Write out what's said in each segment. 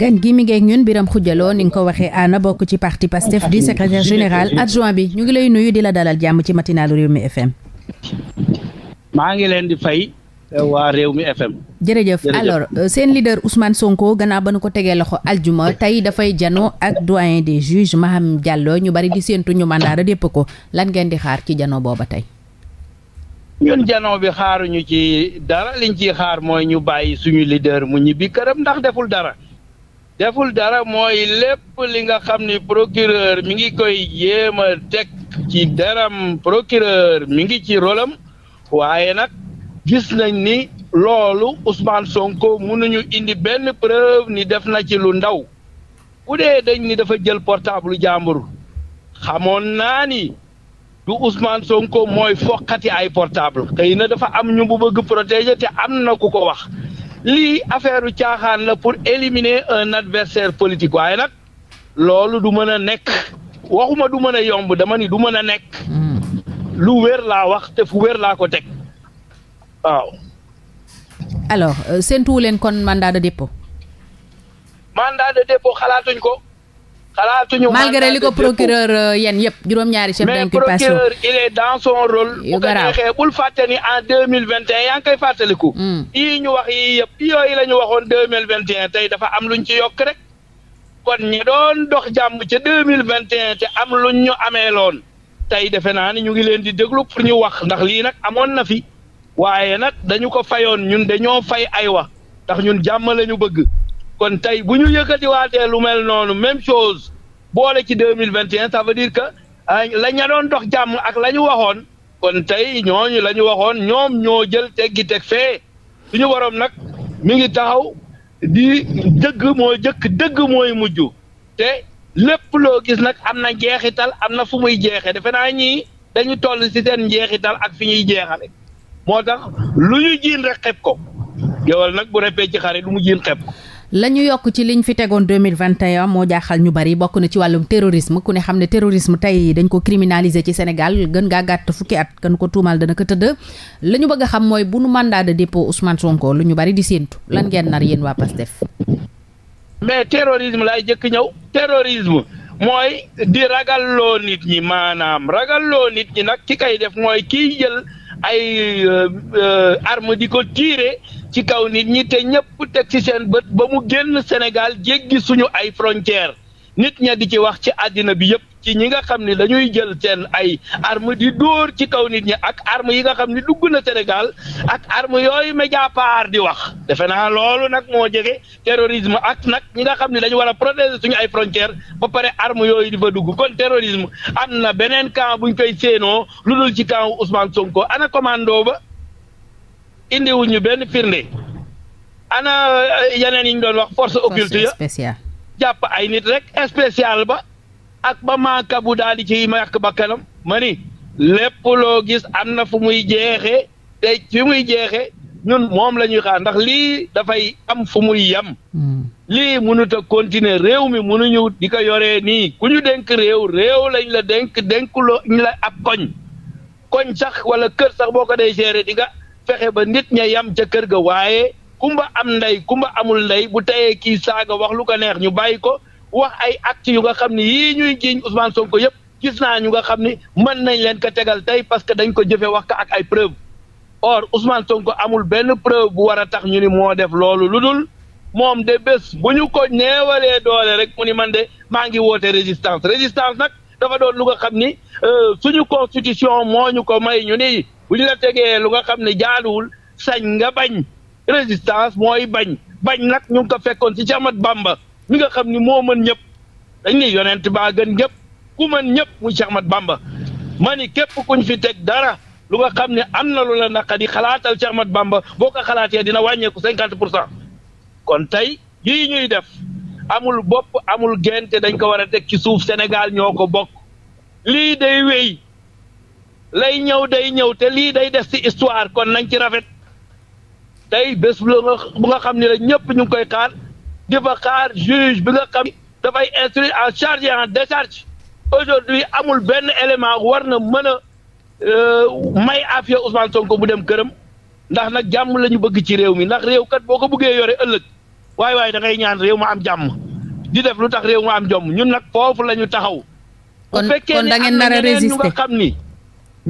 gan gi mi ngeeg ñun Birame Khoudia ni nga ko waxee ana bokk ci parti Pastef di secrétaire général adjoint bi ñu ngi lay nuyu di la dalal jàmm ci matinalu Rewmi FM. maa ngi leen di fay. Eh, waa Rewmi FM. jërëjëf alors euh, seen leader Ousmane Sonko gannaaw ba nu ko tegee loxo aljuma tey dafay janoo ak doyen des juges Maham jàlloo ñu bari di séentu ñu mandat dépp ko lan ngeen di xaar ci janoo booba tey. ñun janoo bi xaaruñu ci dara liñ ciy xaar mooy ñu bàyyi suñu leader mu ñibbi këram ndax deful deful dara mooy lépp li nga xam ni procureur mi ngi koy jéem a teg ci deram procureur mi ngi ci rolam waaye nag gis nañ ni loolu Ousmane Sonko mënuñu indi benn preuve ni def na ci lu ndaw bu dee dañ ni dafa jël portable jàmbur xamoon naa ni du Ousmane Sonko mooy fokkati ay portable xëy na dafa am ñu bu bëgg protéger te am na ku ko wax lii affaire caaxaan la pour éliminer un adversaire politique waaye nag loolu du mën a nekk waxuma du mën a yomb dama ni du mën a nekk hmm. lu wër laa wax te fu wër laa ko teg waaw. alors euh, séntuwu leen kon mandat de dépôt. mandat de xalaatuñ ko. xalaatuñu malgré li ko procureur euh, yéen yëpp juróom-ñaari chef d'inculpation mais procureur il est bul fàtte ni en deux mille vingt et un yaa ngi fàttaliku. Hmm. yii ñu wax yii yëpp yooyu la ñu waxoon deux mille vingt et tey dafa am luñ ci yokk rek. kon ñi doon dox jàmm ci deux mille vingt te am luñ ñu amee loon tey defe naa ni ñu ngi leen di déglu pour ñu wax ndax lii nag amoon na fi waaye nag dañu ko fayoon ñun dañoo fay ay wax ndax ñun jàmm la ñu bëgg. kon tey bu ñu yëkkatiwaatee lu mel noonu même chose boole ci deux mille vingt et un ça veut que euh, la ña dox jàmm ak la ñu waxoon kon tey ñooñu la ñu waxoon ñoom ñoo jël teggi teg fee ñu borom nag mi ngi taxaw di dëgg moo jëkk dëgg mooy mujj te lépp loo gis nag am na jeexital am na fu muy jeexee defe naa ñii dañu toll si teen njeexital ak fu ñuy jeexale moo tax lu ñu jiin rek xeb ko géwal nag bu repee ci xare lu mu jiin xeb ko la ñu yokk ci liñ fi tegoon 2021 moo jaaxal ñu bari bokk na ci wàllum terrorisme ku ne xam ne terrorisme tey dañ ko criminaliser ci Sénégal gën ngaa gàtt fukki at kan ko tuumal dana ko tëdd la ñu bëgg a xam mooy bu nu mandat de dépôt Ousmane Sonko lu ñu bari di séentu lan ngeen nar yéen waa PASTEF. mais terrorisme laay jëkk ñëw terrorisme mooy di ragalloo nit ñi maanaam ragalloo nit ñi nag ki kay def mooy kiy jël ay euh, euh, arme di ko tiire ci kaw nit ñi te ñëpp teg ci seen bët ba mu génn Sénégal jéggi suñu ay frontières nit ña di ci wax ci àddina bi yëpp ci ñi nga xam ni dañuy jël seen ay arme di dóor ci kaw nit ñi ak arme yi nga xam ni dugg na Sénégal ak arme yooyu Mediapart di wax defe naa loolu nag moo jege terrorisme ak nag ñi nga xam ni dañu war a protéger suñu ay frontières ba pare arme yooyu di fa dugg kon terrorisme am na beneen camp buñ koy séenoo lu dul ci camp Ousmane Sonko ana commando ba. indiwuñ benn firnde ana eh, yeneen yi ñu doon wax force occulte ya jàpp ay nit rek spécial ba ak ba maaka bu daal di ci yàq bakkanam ma ni lépp loo gis am na fu muy jeexee te fi muy jeexee ñun moom la ñuy xaar ndax lii dafay am fu muy yam hmm. lii mënut a continuer réew mi mënuñu di ko yoree nii ku ñu denk réew réew lañ la dénk dénk loo ñu la ab koñ koñ sax wala kër sax boo ko dee gérer di fexe ba nit ña yam ca kër ga waaye kumba am ndey kumba amul ndey bu teyee kii saaga wax lu ko neex ñu bàyyi ko wax ay actes yu nga xam ni yii ñuy jiiñ Ousmane Sonko yëpp gis naa ñu nga xam ni mën nañ leen ko tegal tey parce que dañ ko jëfe wax ka ak ay preuve or Ousmane Sonko amul benn preuve bu war a tax ñu ni moo def loolu lu dul moom de bés bu ñu ko ñeewalee doole rek mu ni man de maa ngi woote résistance résistance nag dafa doon lu nga xam ni euh, suñu constitution moo ñu ko may bu ñu la tegee lu nga xam ne jaaduwul sañ nga bañ résistance mooy bañ bañ nag ñu ko fekkoon ci Cheikh Ahmadou Bamba nga xam ni moo mën ñëpp dañ ne yonent baa gën ñëpp ku mën ñëpp muy Cheikh Ahmadou Bamba ma ni képp kuñ fi teg dara lu nga xam ne am na lu la naqari xalaatal Cheikh Ahmadou Bamba boo ko xalaatee dina wàññeeku cinquante pour cent kon tey yii ñuy def amul bopp amul gente dañ ko war a teg ci suuf Sénégal ñoo ko bokk lii day wéy lay ñëw day ñëw te lii day des ci histoire kon nañ ci rafet tey bés bu nga xam ne la ñëpp ñu koy xaar di fa xaar juge bi nga xam dafay instruire en charge en décharge aujourd'hui amul benn élément war na mën a euh, may affaire Ousmane Sonko bu dem këram ndax nag jàmm lañu bëgg ci réew mi ndax réew boo ko bëggee yore ëllëg waaye waaye da ngay ñaan réew ma am jàmm di def lu tax réew ma am jomm ñun nag foofu lañu taxaw. bu fekkee ni na ñeneen ñu nga xam ni.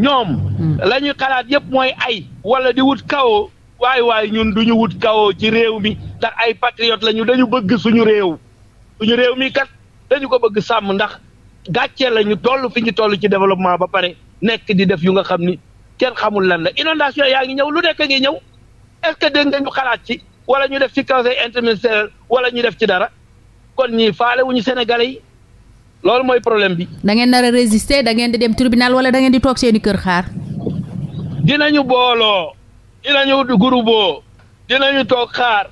ñoom hmm. la ñuy xalaat yëpp mooy ay wala di wut kawoo waay waay ñun du ñu wut kawoo ci réew mi ndax ay patriote lañu dañu bëgg suñu réew suñu réew mi kat dañu ko bëgg sàmm ndax gàccee lañu toll fi ñu toll ci développement ba pare nekk di def yu nga xam ni kenn xamul lan la inondation yaa ngi ñëw lu nekk ngi ñëw est-ce que dégg nga ñu xalaat ci wala ñu def ci conseil interministériel wala ñu def ci dara kon ñii faale wuñu sénégalais yi loolu mooy problème bi. da ngeen nar a résister da ngeen di dem tribunal wala da ngeen di toog seeni kër xaar. dinañu booloo dinañu guruboo dinañu toog xaar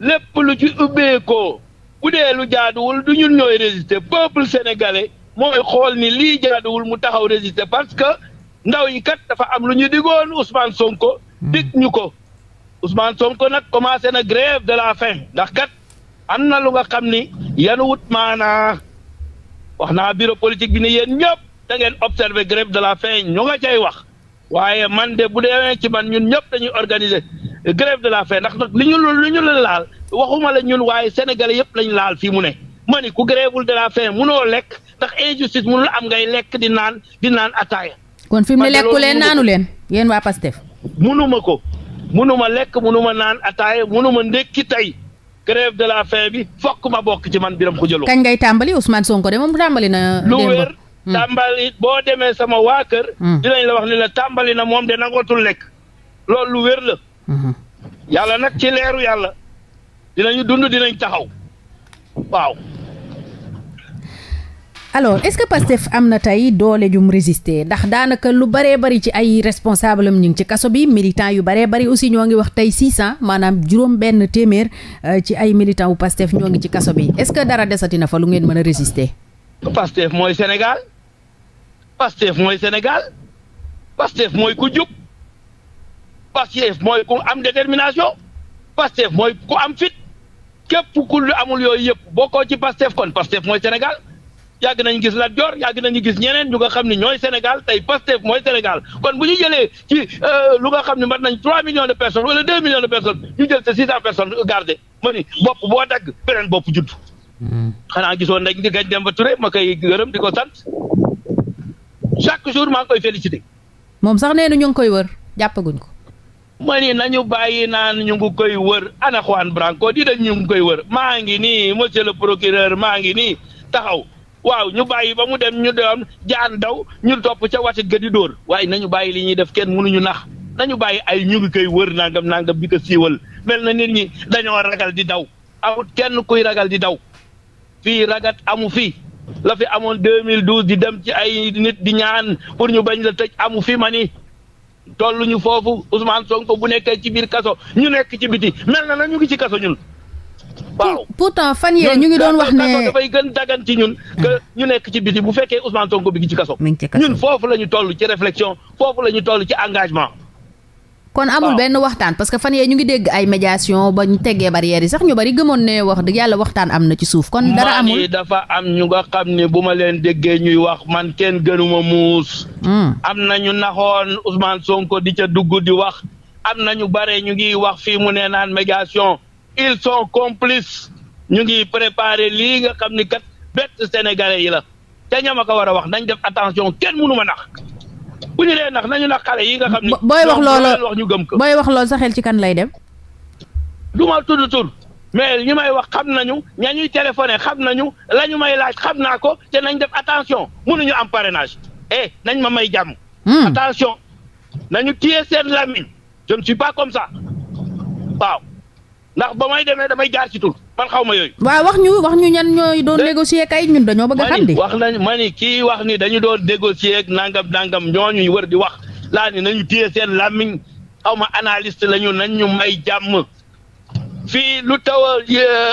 lépp lu ci ubbeekoo bu dee lu jaaduwul du ñun ñooy résister peuple sénégalais mooy xool ni lii jaaduwul mu taxaw résister parce que ndaw yi kat dafa am lu ñu digoon Ousmane Sonko. Hmm. dig ñu ko Ousmane Sonko nag commencé na grève de la ndax kat am na lu nga xam ni yanu wut maanaa. wax naa biro politique bi ne yéen ñëpp da ngeen observé grève de la faim ñu nga cay wax waaye man de bu dee ci man ñun ñëpp dañuy organiser grève de la faim ndax nag li ñu lu ñu la laal waxuma la ñun waaye sénégalais yëpp lañ laal fii mu ne ma ni ku grèvewul de la faim munoo lekk ndax injustice mënul am ngay lekk di naan di naan ataaya. kon fi mu ne lekku naanu leen yéen waa Pastef. ma ko ma lekk ma naan ataaya munuma ndékki tey grève de la faim bi fokk ma bokk ci man biram xujaloo kañ ngay tàmbali Ousmane Sonko de moom tàmbali na lu wér hmm. tàmbali boo demee sama waa kër hmm. dinañ la wax ne la tàmbali na moom de nangootul lekk loo lu wér la hmm. yàlla nag ci leeru yàlla dinañu dund dinañ taxaw waaw alors est-ce que Pastef am na tey doole jum résister ndax daanaka lu baree bari ci ay responsable am ñu ngi ci kaso bi militant yu baree bari aussi ñoo ngi wax si 600 maanaam juróom benn téeméer euh, ci ay militant wu Pastef ñoo ngi ci kaso bi est-ce que dara desati na fa lu ngeen mën a résister. Pastef mooy Sénégal Pastef mooy Sénégal Pastef mooy ku jub Pastef mooy ku am détermination Pastef mooy ku am fit képp ku lu amul yooyu yëpp bokkoo ci Pastef kon Pastef mooy Sénégal. yàgg nañu gis Lat Dior yàgg nañu gis ñeneen ñu nga xam ne ñooy Sénégal tey Pastef mooy Sénégal kon bu ñu jëlee ci euh, lu nga xam ne mat nañ trois millions de personnes wala deux millions de personnes ñu jël te six cent personnes gardé ma ni bopp boo dagg beneen bopp judd hmm. xanaa gisoon nañ di gañ dem ba ture ma koy gërëm di ko sant chaque jour maa ngi koy félicité moom sax nee na ñu ngi koy wër jàppaguñ ko ma ni nañu bàyyi naan ñu ngi koy wër ana Juan Branco di dañ ñu ngi koy wër maa ngi nii monsieur le procureur ngi nii taxaw waaw ñu bàyyi ba mu dem ñu doon jaan daw ñu topp ca watit ga di dóor waaye nañu bàyyi li ñuy def kenn mënuñu nax nañu bàyyi ay ñu ngi koy wër nangam nangam bi ko siiwal mel na nit ñi dañoo ragal di daw amut kenn kuy ragal di daw fii ragat amu fi la fi amoon 2012 di dem ci ay nit di ñaan pour ñu bañ la tëj amu fi ma ni tolluñu foofu Ousmane Sonko bu nekkee ci biir kaso ñu nekk ci biti mel na na ñu ngi ci kaso ñun. waaw pourtant fan yee ñu ngi doon wax ne dafay gën dagan ci ñun que ñu nekk ci biti bu fekkee Ousmane Sonko bi ngi ci kaso ñun foofu la ñu toll ci réflexion foofu la ñu toll ci engagement kon amul benn waxtaan parce que fan yee ñu ngi dégg ay médiation ba ñu teggee barrières yi sax ñu bari gëmoon ne wax dëgg yàlla waxtaan am na ci suuf kon dara amul dafa am ñu nga xam ne bu ma leen déggee ñuy wax man kenn gënuma muus hmm. am na ñu naxoon Ousmane Sonko di ca dugg di wax am na ñu bare ñu ngi wax fii mu nee naan médiation ils sont complices ñu ngi préparer lii nga xam ni kat bett sénégalais yi la te ñam a ko war a wax nañ def attention kenn mënu ma nax bu ñu dee nax nañu nax xale yi nga xam ni booy wax loolu wax ñu gëm ko booy wax loolu sa xel ci kan lay dem du ma tudd mais ñi may wax xam nañu ña ñuy téléphoné xam nañu la ñu may laaj xam naa ko te nañ def attention mënuñu am parrainage e nañ ma may jàmm hmm. attention nañu téye seen làmmiñ je ne suis pas comme ça waaw ndax ba may demee damay jaar ci tur man xaw ma yooyu. waaw wax ñu wax ñu ñan ñooy doon négocier kay ñun dañoo bëgg a xam di wax nañ ma ni kii wax ni dañu doon négocier nangam nangam ñooñu wër di wax laa ni nañu téye seen làmmiñ xaw ma analyste lañu nañ ñu may jàmm. fii lu taw a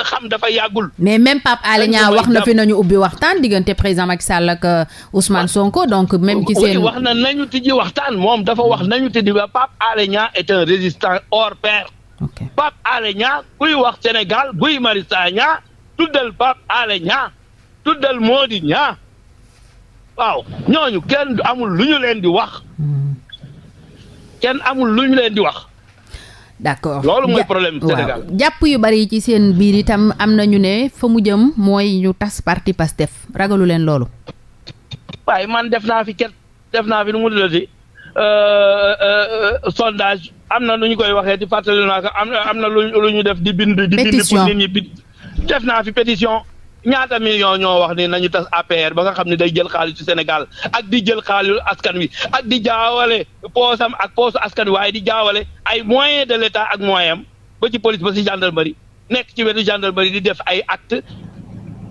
xam dafa yàggul. mais même Pape Alé Niang wax na fi nañu ubbi waxtaan diggante président ak Sall ak euh, Ousmane Sonko donc même. ci seen wax na nañu tijji waxtaan moom dafa wax nañu tijji ba Pape Alé Niang est un résistant hors pair. ok Pape Alé kuy wax Sénégal Guy Marius Sagna tuddal Pape Alé Niang tuddal moodi Niang waaw ñooñu kenn amul lu ñu leen di wax. Hmm. kenn amul lu ñu leen di wax. d'accord loolu mooy problème jàpp yu bari ci seen biir itam am na ñu ne fa mu jëm mooy ñu tas parti Pastef ragalu leen loolu. waaye man def naa fi ket def naa fi nu mu tuddati euh, euh, euh, sondage. am na lu ñu koy waxee di fàttali naa ko am am na lu ñu def di bind. di bind pour nit ñi def naa fi pétition. ñaata million ñoo wax ni nañu tas APR ba nga xam ne day jël xaalisu Sénégal ak di jël xaalisu askan wi ak di jaawale poosam ak poosu askan wi waaye di jaawale ay moyen de l'État ak moyen am ba ci police ba ci gendarmerie nekk ci wetu gendarmerie di def ay acte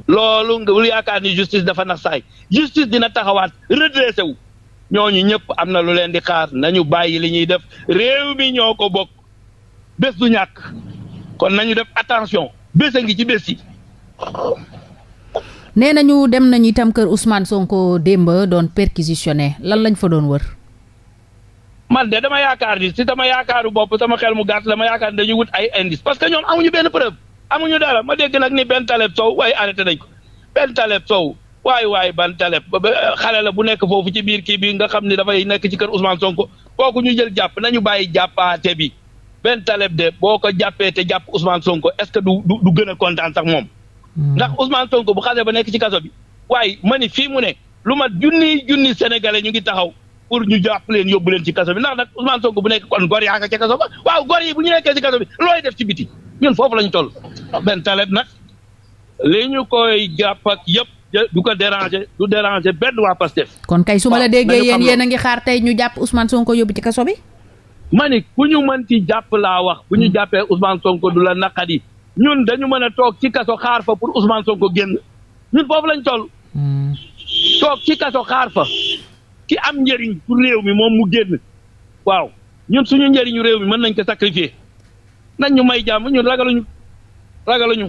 loolu nga bul yaakaar ni justice dafa na saay justice dina taxawaat redressé wu ñooñu ñëpp am na lu leen di xaar nañu bàyyi li ñuy def réew mi ñoo ko bokk bés du ñàkk kon nañu def attention bés ngi ci bés yi. nee nañu dem nañu itam kër son ko démb doon perquisitionné lan lañ fa doon wër. man de dama yaakaar ni si sama yaakaaru bopp sama xel mu gàtt la ma yaakaar ni dañuy wut ay indice parce que ñoom amuñu benn preuve amuñu dara ma dégg nag ni benn taleb sow waaye arrêté nañ ko benn taleb sow. waay waay ban taleb xale la bu nekk foofu ci biir kii bi nga xam ne dafay nekk ci kër Ousmane Sonko kooku ñu jël jàpp nañu bàyyi jàppaate bi benn taleb de boo ko jàppee te jàpp Ousmane Sonko est-ce que du du gën kontaan sax moom. Hmm. ndax Ousmane Sonko bu xasee ba nekk ci kaso bi waaye ma ni fii mu ne lu mat junni junni sénégalais ñu ngi taxaw pour ñu jàpp leen yóbbu leen ci kaso bi ndax nag Ousmane Sonko bu nekk kon gor yaa nga ca kaso ba waaw gor bu ñu nekkee ci kaso bi looy def ci biti ñun foofu lañu toll benn taleb nag li ñu koy jàpp ak yëpp du ko déranger du déranger benn waa Pastef. kon kay su ma la déggee yéen yéen a ngi xaar tey ñu jàpp Ousmane ko yóbbu ci kaso bi. ma ni ku ñu mën ci jàpp laa wax bu ñu hmm. jàppee Ousmane Sonko du la naqari ñun dañu mën a toog ci kaso xaar fa pour Ousmane génn ñun foofu lañ toll. Hmm. toog ci kaso xaar fa ki am njëriñ pour réew mi moom mu génn waaw ñun suñu njëriñu réew mi mën nañ ko sacrifier nañ ñu may jàmm ñun ragaluñu ragaluñu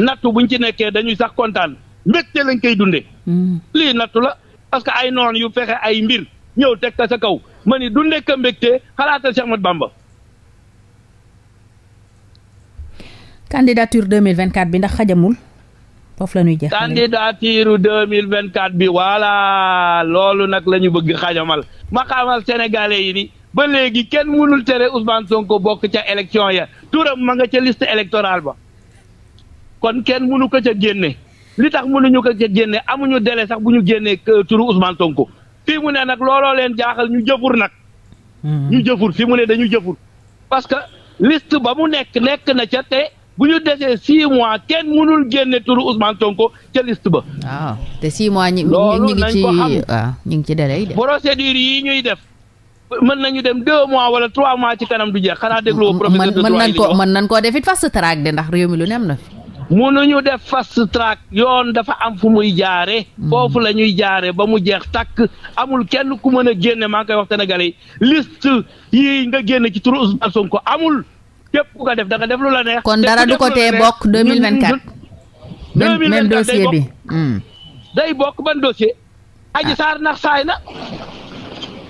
nattu buñ ci nekkee dañuy sax kontaan. mbégte lañ koy dundee. Hmm. lii nattu la parce que ay noon yu fexe ay mbir ñëw teg ka sa kaw ma ni dundee ka mbégte xalaatal Cheikh Ahmadou Bamba. candidature 2024 bi ndax xajamul. foofu la ñuy jeex candidature 2024 bi voilà loolu nag lañu bëgg xajamal ma xamal yi ni ba léegi kenn mënul tere Ousmane Sonko bokk ca élection ya turam ma nga ca liste électorale ba kon kenn mënu ko ca génne li tax nu mënuñu ko génne amuñu délai sax bu ñu génnee euh, turu Ousmane Sonko fii mu ne nag looloo leen jaaxal ñu jëfur nag. Hmm. ñu jëfur fii mu ne dañu jëfur parce que liste ba mu nekk nekk na ca te bu ñu desee six mois kenn mënul génne turu Ousmane Sonko ca liste ba. a ah, te six mois ñi ñu ngi ci waaw ñu ngi ci délai de. procédure yi ñuy def. mën nañu dem deux mois wala trois mois ci kanam du jeex xanaa déglu. professeur de droit mën nañ ko mën nañ koo def it fast track de ndax réew mi lu nem na munuñu def fas track yoon dafa am fu muy jaare hmm. foofu la ñuy jaare ba mu jeex tàkk amul kenn ku mën a génne maa ngi koy wax sénégalais yi liste yi nga génne ci turu Ousmane Sonko amul képp ku ko def da def lu la neex. kon dara du ko tee bokk 2024. 2024 même dossier bi. Hmm. day bokk ban dossier. Ah. Adji Sarr saay na.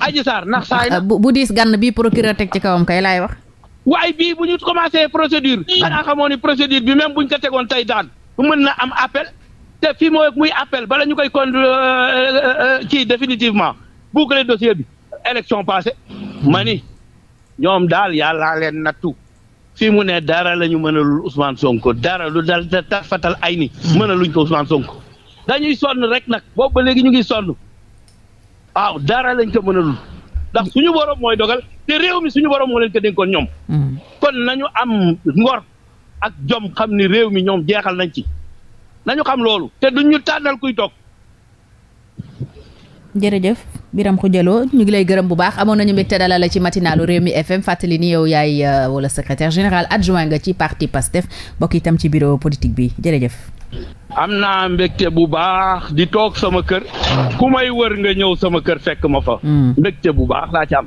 Adji Sarr nax saay na. Ah, bu diis gann bi procureur teg ci kawam kay laay wax. waaye bii bu ñu commencé procédure. xanaa xamoo ni procédure bi même bu ko tegoon tey daan bu mën na am appel. te fii mooy muy appel bala ñu koy kon euh, euh, euh, kii définitivement boucler dossier bi. élection passée ma ni ñoom daal yàllaa leen nattu fii mu ne dara la ñu mënalul Ousmane Sonko dara lu dal fatal ay ni mën mënaluñ ko Ousmane Sonko dañuy son rek nag boobu ba léegi ñu ngi sonn waaw dara lañ ko mënalul ndax suñu borom mooy dogal. te réew mi suñu borom moo leen ko dénkoon ñoom. Hmm. kon nañu am ngor ak jom xam ni réew mi ñoom jeexal nañ ci nañu xam loolu te du ñu tànnal kuy toog. jërëjëf Birame Khoudia Lo ñu ngi lay gërëm bu baax amoon nañu mbégte dalal la ci matinalu réew mi FM fàttali ni yow yaay euh, wala secrétaire général adjoint nga ci parti PASTEF bokk itam ci bureau politique bi jërëjëf. am naa mbégte bu baax di toog sama kër hmm. ku may wër nga ñëw sama kër fekk ma fa. Hmm. mbégte bu baax laa ci am.